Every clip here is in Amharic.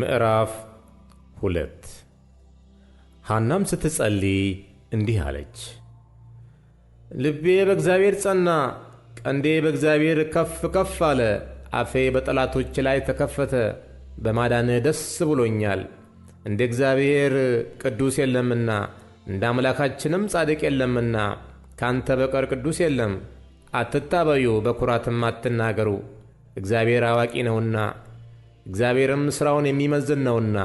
ምዕራፍ ሁለት ሐናም ስትጸልይ እንዲህ አለች። ልቤ በእግዚአብሔር ጸና፣ ቀንዴ በእግዚአብሔር ከፍ ከፍ አለ። አፌ በጠላቶች ላይ ተከፈተ፣ በማዳንህ ደስ ብሎኛል። እንደ እግዚአብሔር ቅዱስ የለምና እንደ አምላካችንም ጻድቅ የለምና፣ ካንተ በቀር ቅዱስ የለም። አትታበዩ፣ በኩራትም አትናገሩ፣ እግዚአብሔር አዋቂ ነውና እግዚአብሔርም ሥራውን የሚመዝን ነውና።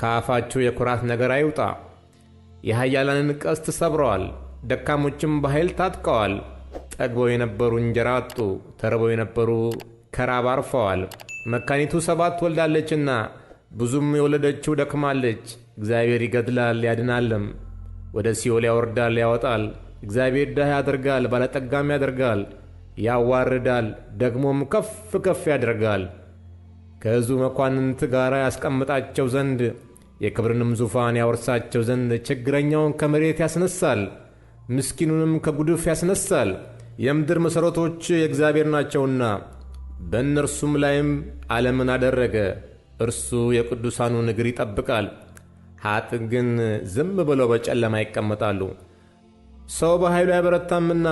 ከአፋችሁ የኩራት ነገር አይውጣ። የኃያላንን ቀስት ሰብረዋል፣ ደካሞችም በኃይል ታጥቀዋል። ጠግበው የነበሩ እንጀራ አጡ፣ ተርበው የነበሩ ከራብ አርፈዋል። መካኒቱ ሰባት ወልዳለችና ብዙም የወለደችው ደክማለች። እግዚአብሔር ይገድላል ያድናልም፣ ወደ ሲኦል ያወርዳል ያወጣል። እግዚአብሔር ድሃ ያደርጋል ባለጠጋም ያደርጋል፣ ያዋርዳል ደግሞም ከፍ ከፍ ያደርጋል። ከሕዝቡ መኳንንት ጋር ያስቀምጣቸው ዘንድ የክብርንም ዙፋን ያወርሳቸው ዘንድ ችግረኛውን ከመሬት ያስነሳል፣ ምስኪኑንም ከጉድፍ ያስነሳል። የምድር መሠረቶች የእግዚአብሔር ናቸውና በእነርሱም ላይም ዓለምን አደረገ። እርሱ የቅዱሳኑን እግር ይጠብቃል። ኃጥ ግን ዝም ብለው በጨለማ ይቀመጣሉ። ሰው በኃይሉ አይበረታምና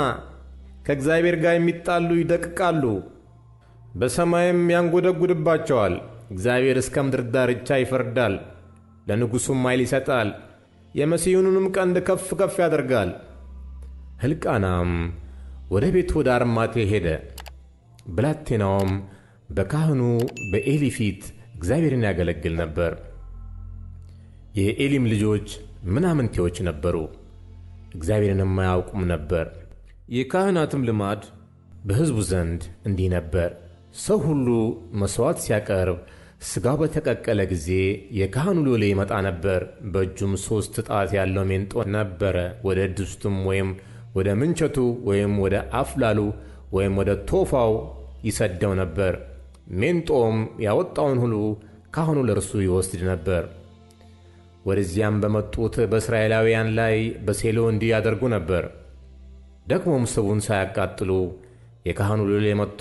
ከእግዚአብሔር ጋር የሚጣሉ ይደቅቃሉ። በሰማይም ያንጎደጉድባቸዋል። እግዚአብሔር እስከ ምድር ዳርቻ ይፈርዳል፣ ለንጉሡም ኃይል ይሰጣል፣ የመሲሁንም ቀንድ ከፍ ከፍ ያደርጋል። ሕልቃናም ወደ ቤቱ ወደ አርማቴ ሄደ። ብላቴናውም በካህኑ በኤሊ ፊት እግዚአብሔርን ያገለግል ነበር። የኤሊም ልጆች ምናምንቴዎች ነበሩ፣ እግዚአብሔርንም አያውቁም ነበር። የካህናትም ልማድ በሕዝቡ ዘንድ እንዲህ ነበር። ሰው ሁሉ መሥዋዕት ሲያቀርብ ሥጋ በተቀቀለ ጊዜ የካህኑ ሎሌ ይመጣ ነበር። በእጁም ሦስት ጣት ያለው ሜንጦ ነበረ። ወደ ድስቱም ወይም ወደ ምንቸቱ ወይም ወደ አፍላሉ ወይም ወደ ቶፋው ይሰደው ነበር። ሜንጦም ያወጣውን ሁሉ ካህኑ ለእርሱ ይወስድ ነበር። ወደዚያም በመጡት በእስራኤላውያን ላይ በሴሎ እንዲህ ያደርጉ ነበር። ደግሞም ስቡን ሳያቃጥሉ የካህኑ ሎሌ መጥቶ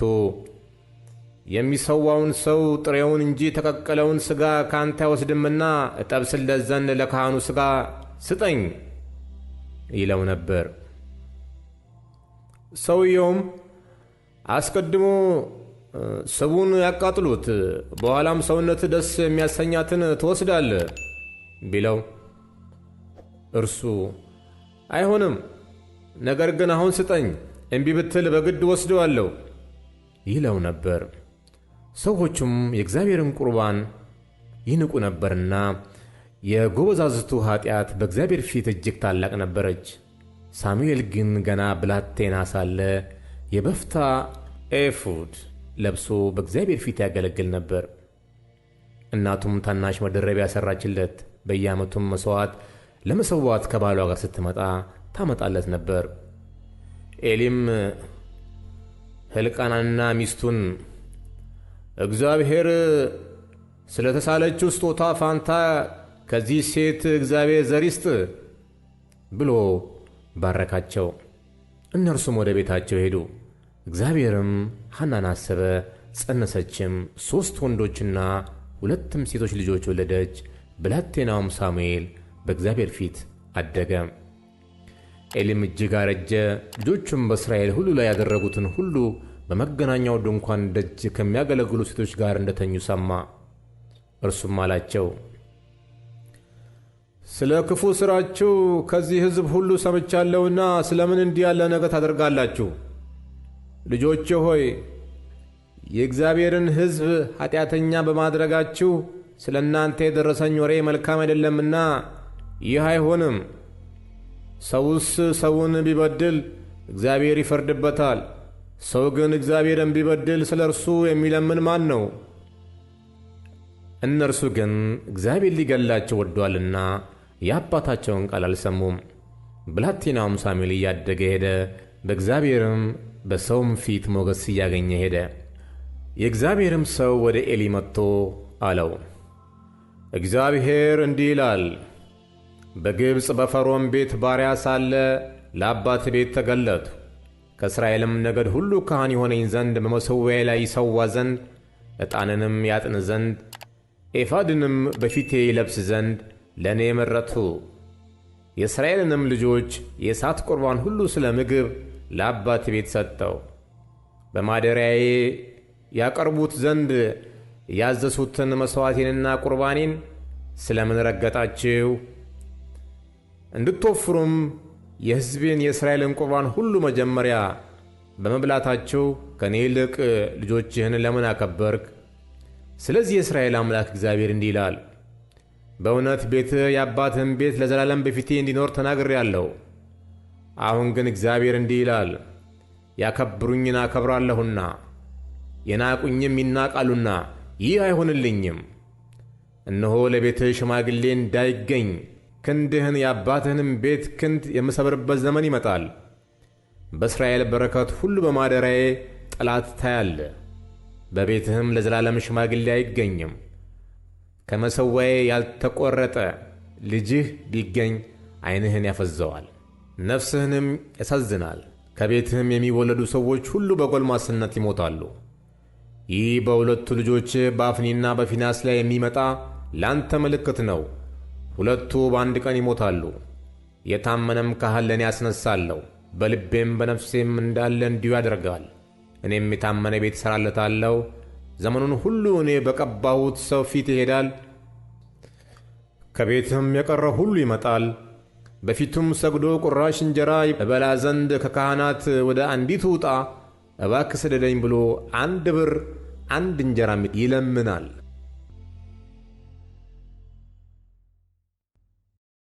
የሚሰዋውን ሰው ጥሬውን እንጂ ተቀቀለውን ሥጋ ካንተ አይወስድምና እጠብስለት ዘንድ ለካህኑ ሥጋ ስጠኝ ይለው ነበር። ሰውየውም አስቀድሞ ስቡን ያቃጥሉት፣ በኋላም ሰውነት ደስ የሚያሰኛትን ትወስዳለህ ቢለው እርሱ አይሆንም፣ ነገር ግን አሁን ስጠኝ፣ እምቢ ብትል በግድ ወስደዋለሁ ይለው ነበር። ሰዎቹም የእግዚአብሔርን ቁርባን ይንቁ ነበርና የጎበዛዝቱ ኃጢአት በእግዚአብሔር ፊት እጅግ ታላቅ ነበረች። ሳሙኤል ግን ገና ብላቴና ሳለ የበፍታ ኤፉድ ለብሶ በእግዚአብሔር ፊት ያገለግል ነበር። እናቱም ታናሽ መደረቢያ ሰራችለት። በየዓመቱም መሥዋዕት ለመሰዋት ከባሏ ጋር ስትመጣ ታመጣለት ነበር። ኤሊም ሕልቃናንና ሚስቱን እግዚአብሔር ስለተሳለችው ስጦታ ፋንታ ከዚህ ሴት እግዚአብሔር ዘር ይስጥ ብሎ ባረካቸው። እነርሱም ወደ ቤታቸው ሄዱ። እግዚአብሔርም ሐናን አሰበ፣ ጸነሰችም፣ ሦስት ወንዶችና ሁለትም ሴቶች ልጆች ወለደች። ብላቴናውም ሳሙኤል በእግዚአብሔር ፊት አደገ። ኤሊም እጅግ አረጀ። ልጆቹም በእስራኤል ሁሉ ላይ ያደረጉትን ሁሉ በመገናኛው ድንኳን ደጅ ከሚያገለግሉ ሴቶች ጋር እንደተኙ ሰማ። እርሱም አላቸው፣ ስለ ክፉ ሥራችሁ ከዚህ ሕዝብ ሁሉ ሰምቻለሁና ስለምን እንዲህ ያለ ነገር ታደርጋላችሁ? ልጆቼ ሆይ የእግዚአብሔርን ሕዝብ ኃጢአተኛ በማድረጋችሁ ስለ እናንተ የደረሰኝ ወሬ መልካም አይደለምና ይህ አይሆንም። ሰውስ ሰውን ቢበድል እግዚአብሔር ይፈርድበታል። ሰው ግን እግዚአብሔርን ቢበድል ስለ እርሱ የሚለምን ማን ነው? እነርሱ ግን እግዚአብሔር ሊገላቸው ወዷልና የአባታቸውን ቃል አልሰሙም። ብላቴናውም ሳሙኤል እያደገ ሄደ፣ በእግዚአብሔርም በሰውም ፊት ሞገስ እያገኘ ሄደ። የእግዚአብሔርም ሰው ወደ ኤሊ መጥቶ አለው፣ እግዚአብሔር እንዲህ ይላል፣ በግብፅ በፈርዖን ቤት ባሪያ ሳለ ለአባት ቤት ተገለጥሁ ከእስራኤልም ነገድ ሁሉ ካህን የሆነኝ ዘንድ በመሠዊያዬ ላይ ይሠዋ ዘንድ ዕጣንንም ያጥን ዘንድ ኤፋድንም በፊቴ ይለብስ ዘንድ ለእኔ የመረቱ የእስራኤልንም ልጆች የእሳት ቁርባን ሁሉ ስለ ምግብ ለአባት ቤት ሰጠው። በማደሪያዬ ያቀርቡት ዘንድ ያዘሱትን መሥዋዕቴንና ቁርባኔን ስለምን ረገጣችሁ? እንድትወፍሩም የሕዝቤን የእስራኤልን ቁርባን ሁሉ መጀመሪያ በመብላታቸው ከእኔ ይልቅ ልጆችህን ለምን አከበርክ? ስለዚህ የእስራኤል አምላክ እግዚአብሔር እንዲህ ይላል፣ በእውነት ቤትህ የአባትህን ቤት ለዘላለም በፊቴ እንዲኖር ተናግሬአለሁ። አሁን ግን እግዚአብሔር እንዲህ ይላል፣ ያከብሩኝን አከብራለሁና የናቁኝም ይናቃሉና ይህ አይሆንልኝም። እነሆ ለቤትህ ሽማግሌ እንዳይገኝ ክንድህን የአባትህንም ቤት ክንድ የምሰብርበት ዘመን ይመጣል። በእስራኤል በረከት ሁሉ በማደሪያዬ ጠላት ታያለ። በቤትህም ለዘላለም ሽማግሌ አይገኝም። ከመሠዊያዬ ያልተቈረጠ ልጅህ ቢገኝ ዐይንህን ያፈዘዋል፣ ነፍስህንም ያሳዝናል። ከቤትህም የሚወለዱ ሰዎች ሁሉ በጎልማስነት ይሞታሉ። ይህ በሁለቱ ልጆችህ በአፍኒና በፊናስ ላይ የሚመጣ ለአንተ ምልክት ነው። ሁለቱ በአንድ ቀን ይሞታሉ። የታመነም ካህን ለእኔ ያስነሳለሁ፣ በልቤም በነፍሴም እንዳለ እንዲሁ ያደርጋል። እኔም የታመነ ቤት እሠራለታለሁ። ዘመኑን ሁሉ እኔ በቀባሁት ሰው ፊት ይሄዳል። ከቤትም የቀረ ሁሉ ይመጣል። በፊቱም ሰግዶ ቁራሽ እንጀራ እበላ ዘንድ ከካህናት ወደ አንዲቱ ውጣ እባክስደደኝ ስደደኝ ብሎ አንድ ብር አንድ እንጀራም ይለምናል።